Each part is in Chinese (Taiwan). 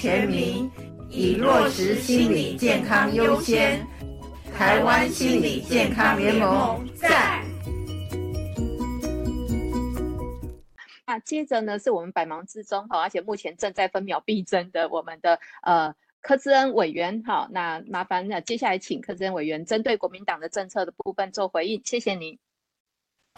全民以落實心理健康優先，台灣心理健康聯盟在。那、啊、接着呢，是我們百忙之中哈，而且目前正在分秒必爭的我們的呃柯志恩委員哈，那麻煩那接下來請柯志恩委員針對國民黨的政策的部分做回應，謝謝您。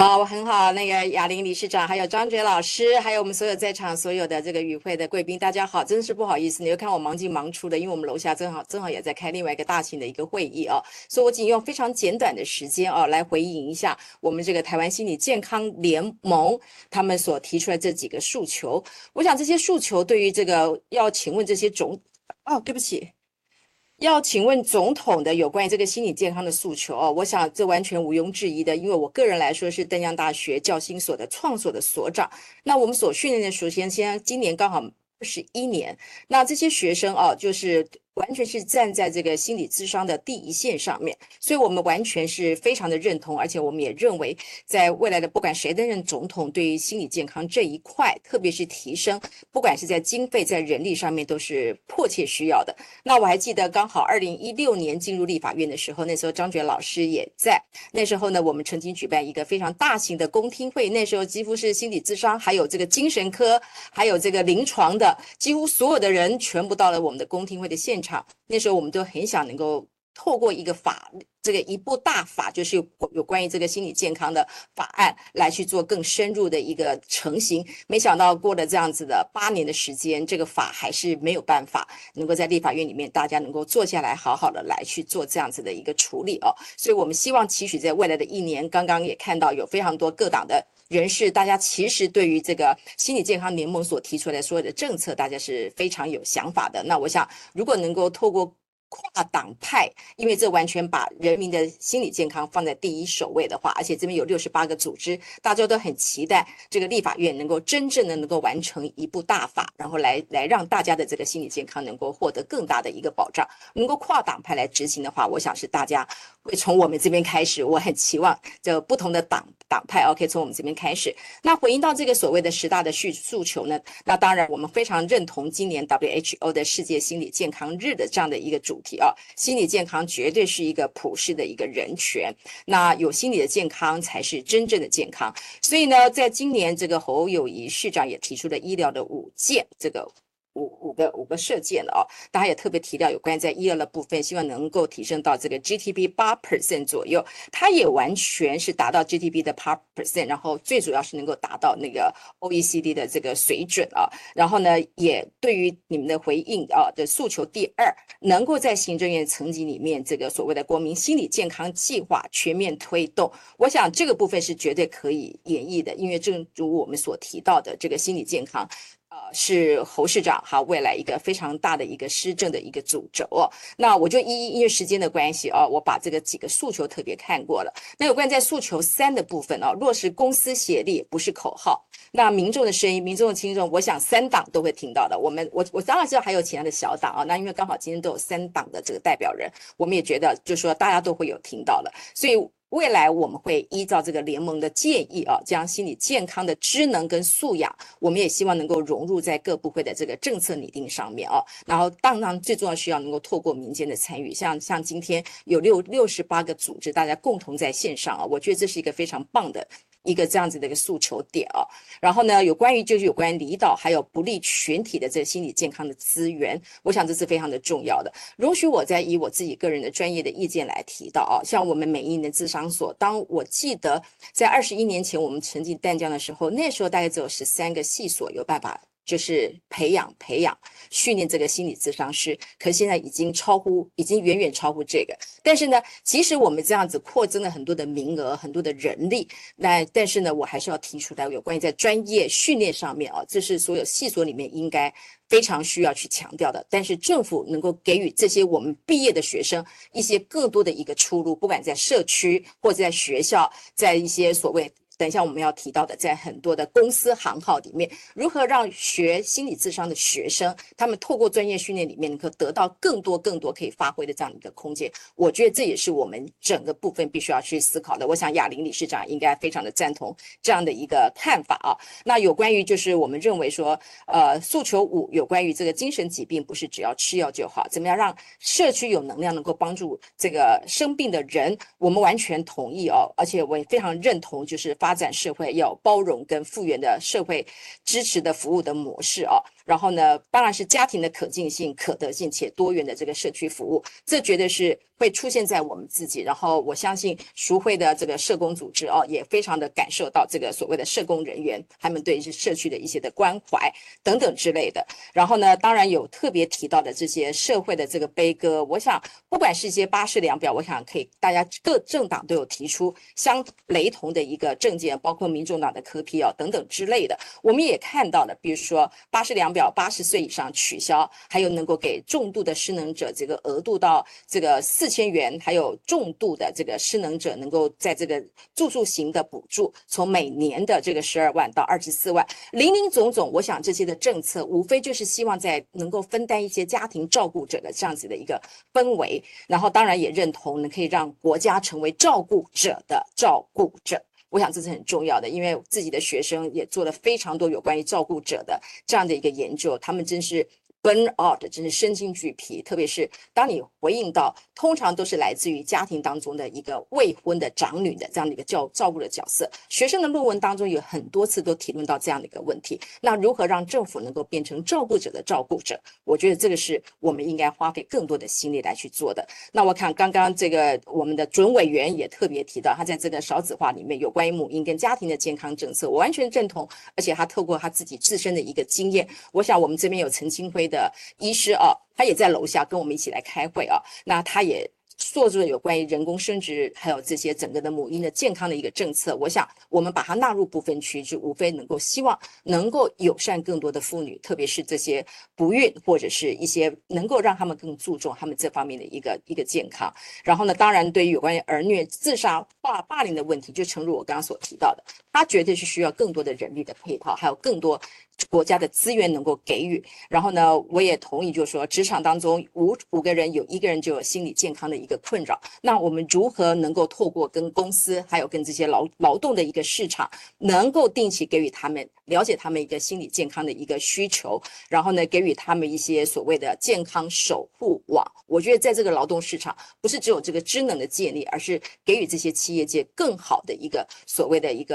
好，我、哦、很好。那個雅玲理事長，還有張覺老師，還有我們所有在場所有的這個與會的貴賓，大家好，真是不好意思，你又看我忙進忙出的，因為我們樓下正好正好也在開另外一個大型的一個會議哦。所以我僅用非常簡短的時間哦，來回應一下我們這個台灣心理健康聯盟他們所提出來這幾個訴求。我想這些訴求對於這個要請問這些總，哦，對不起。要請問總統的有關於這個心理健康的訴求哦，我想這完全毋庸置疑的，因為我個人來說是淡江大學教心所的創所的所長。那我們所訓練的首先，先今年剛好二十一年，那這些學生啊，就是。完全是站在這個心理諮商的第一線上面，所以我們完全是非常的認同，而且我們也認為，在未來的不管誰擔任總統，對於心理健康這一塊，特別是提升，不管是在經費在人力上面，都是迫切需要的。那我還記得，剛好二零一六年進入立法院的時候，那時候張珏老師也在。那時候呢，我們曾經舉辦一個非常大型的公聽會，那時候幾乎是心理諮商，還有這個精神科，還有這個臨床的，幾乎所有的人全部到了我們的公聽會的現場。那時候，我們都很想能夠。透過一個法，這個一部大法就是有，有關於這個心理健康的法案來去做更深入的一個成型。沒想到過了這樣子的八年的時間，這個法還是沒有辦法能夠在立法院裡面大家能夠坐下來好好的來去做這樣子的一個處理哦。所以我們希望期許在未來的一年，剛剛也看到有非常多各黨的人士，大家其實對於這個心理健康聯盟所提出來所有的政策，大家是非常有想法的。那我想，如果能夠透過。跨黨派，因為這完全把人民的心理健康放在第一首位的話，而且這邊有六十八個組織，大家都很期待這個立法院能夠真正的能夠完成一部大法，然後來來讓大家的這個心理健康能夠獲得更大的一個保障，能夠跨黨派來執行的話，我想是大家會從我們這邊開始。我很期望這不同的黨黨派，OK，從我們這邊開始。那回應到這個所謂的十大的訴訴求呢？那當然，我們非常認同今年 WHO 的世界心理健康日的這樣的一個主。啊，心理健康絕對是一個普世的一個人權。那有心理的健康才是真正的健康。所以呢，在今年這個侯友宜市長也提出了醫療的五箭，這個。五五個五個射箭了啊。大家也特別提到有關在醫療的部分，希望能夠提升到這個 GDP 八 percent 左右，它也完全是達到 GDP 的八 percent，然後最主要是能夠達到那個 OECD 的這個水準啊。然後呢，也對於你們的回應啊的訴求，第二，能夠在行政院層級裡面，這個所謂的國民心理健康計劃全面推動，我想這個部分是絕對可以演繹的，因為正如我們所提到的，這個心理健康。呃，是侯市長，哈、啊，未來一個非常大的一個施政的一個主軸。那我就一一因為時間的關係哦、啊，我把這個幾個訴求特別看過了。那有關在訴求三的部分哦、啊，落實公私協力不是口號，那民眾的聲音、民眾的聽眾，我想三黨都會聽到的。我們我我當然知道還有其他的小黨啊，那因為剛好今天都有三黨的這個代表人，我們也覺得就是說大家都會有聽到的，所以。未來我們會依照這個聯盟的建議啊，將心理健康的知能跟素養，我們也希望能夠融入在各部會的這個政策擬定上面啊。然後當然最重要是要能夠透過民間的參與，像像今天有六六十八個組織，大家共同在線上啊，我覺得這是一個非常棒的。一個這樣子的一個訴求點啊，然後呢，有關於就是有關於離島還有不利群體的這個心理健康的資源，我想這是非常的重要的。容許我再以我自己個人的專業的意見來提到啊，像我們每一年的諮商所，當我記得在二十一年前我們成立淡江的時候，那時候大概只有十三個系所有辦法。就是培養、培養、訓練這個心理諮商師，可現在已經超乎，已經遠遠超乎這個。但是呢，即使我們這樣子擴增了很多的名額、很多的人力，那但，但是呢，我還是要提出來，有關於在專業訓練上面啊，這是所有系所裡面應該非常需要去強調的。但是政府能夠給予這些我們畢業的學生一些更多的一個出路，不管在社區或者在學校，在一些所謂。等一下，我們要提到的，在很多的公司行號裡面，如何讓學心理智商的學生，他們透過專業訓練裡面，能夠得到更多更多可以發揮的這樣的一個空間，我覺得這也是我們整個部分必須要去思考的。我想亞玲理事長應該非常的贊同這樣的一個看法啊。那有關於就是我們認為說，呃，訴求五有關於這個精神疾病，不是只要吃藥就好，怎麼樣讓社區有能量能夠幫助這個生病的人，我們完全同意哦，而且我也非常認同，就是發。發展社會要包容跟復原的社會支持的服務的模式啊。然後呢，當然是家庭的可近性、可得性且多元的這個社區服務，這絕對是會出現在我們自己。然後我相信，社會的這個社工組織哦，也非常的感受到這個所謂的社工人員他們對社區的一些的關懷等等之類的。然後呢，當然有特別提到的這些社會的這個悲歌。我想，不管是一些巴氏量表，我想可以大家各政黨都有提出相雷同的一個政見，包括民眾黨的柯 P 哦等等之類的。我們也看到了，比如說巴氏量表八十歲以上取消，還有能夠給重度的失能者這個額度到這個四千元，還有重度的這個失能者能夠在這個住宿型的補助，從每年的這個十二萬到二十四萬，林林總總，我想這些的政策無非就是希望在能夠分擔一些家庭照顧者的這樣子的一個氛圍，然後當然也認同能可以讓國家成為照顧者的照顧者。我想這是很重要的，因為自己的學生也做了非常多有關於照顧者的這樣的一個研究，他們真是。burn out 真是身心俱疲，特別是當你回應到，通常都是來自於家庭當中的一個未婚的長女的這樣的一個叫照顧的角色。學生的論文當中有很多次都提問到這樣的一個問題，那如何讓政府能夠變成照顧者的照顧者？我覺得這個是我們應該花費更多的心力來去做的。那我看剛剛這個我們的準委員也特別提到，他在這個少子化裡面有關於母嬰跟家庭的健康政策，我完全認同，而且他透過他自己自身的一個經驗，我想我們這邊有陳清輝。的醫師啊，他也在樓下跟我們一起來開會啊，那他也，做出了有關於人工生殖還有這些整個的母嬰的健康的一個政策，我想我們把它納入不分區，就無非能夠希望能夠友善更多的婦女，特別是這些不孕或者是一些能夠讓他們更注重他們這方面的一個一個健康。然後呢，當然對於有關於兒虐、自殺、霸霸凌的問題，就誠如我剛剛所提到的，他絕對是需要更多的人力的配套，還有更多國家的資源能夠給予。然後呢，我也同意，就是說職場當中五五個人有一個人就有心理健康的一個。的困擾，那我們如何能夠透過跟公司，還有跟這些勞勞動的一個市場，能夠定期給予他們了解他們一個心理健康的一個需求，然後呢，給予他們一些所謂的健康守護網。我覺得在這個勞動市場，不是只有這個職能的建立，而是給予這些企業界更好的一個所謂的一個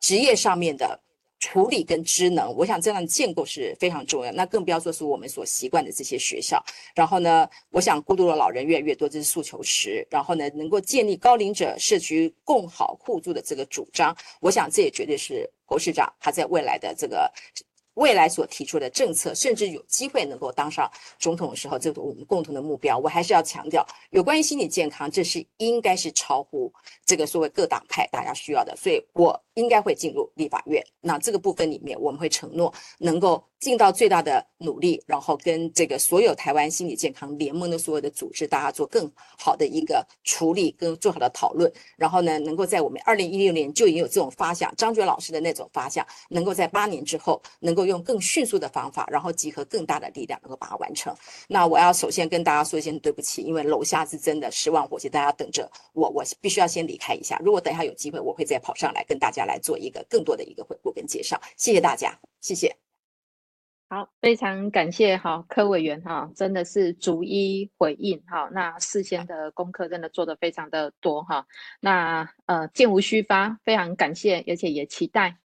職業上面的。處理跟智能，我想這樣的建構是非常重要。那更不要說是我們所習慣的這些學校。然後呢，我想孤獨的老人越來越多，這是訴求十，然後呢，能夠建立高齡者社區共好互助的這個主張，我想這也絕對是侯市長他在未來的這個未來所提出的政策，甚至有機會能夠當上總統的時候，這是我們共同的目標。我還是要強調，有關於心理健康，這是應該是超乎這個所謂各黨派大家需要的。所以，我。應該會進入立法院。那這個部分裡面，我們會承諾能夠盡到最大的努力，然後跟這個所有台灣心理健康聯盟的所有的組織，大家做更好的一個處理跟做好的討論。然後呢，能夠在我們二零一六年就已經有這種發想，張覺老師的那種發想，能夠在八年之後，能夠用更迅速的方法，然後集合更大的力量，能夠把它完成。那我要首先跟大家說一聲對不起，因為樓下是真的十萬火急，大家等着我，我必須要先離開一下。如果等一下有機會，我會再跑上來跟大家。來做一個更多的一個回顧跟介紹，謝謝大家，謝謝。好，非常感謝，好柯委員哈，真的是逐一回應哈，那事先的功課真的做得非常的多哈，那呃箭無虛發，非常感謝，而且也期待。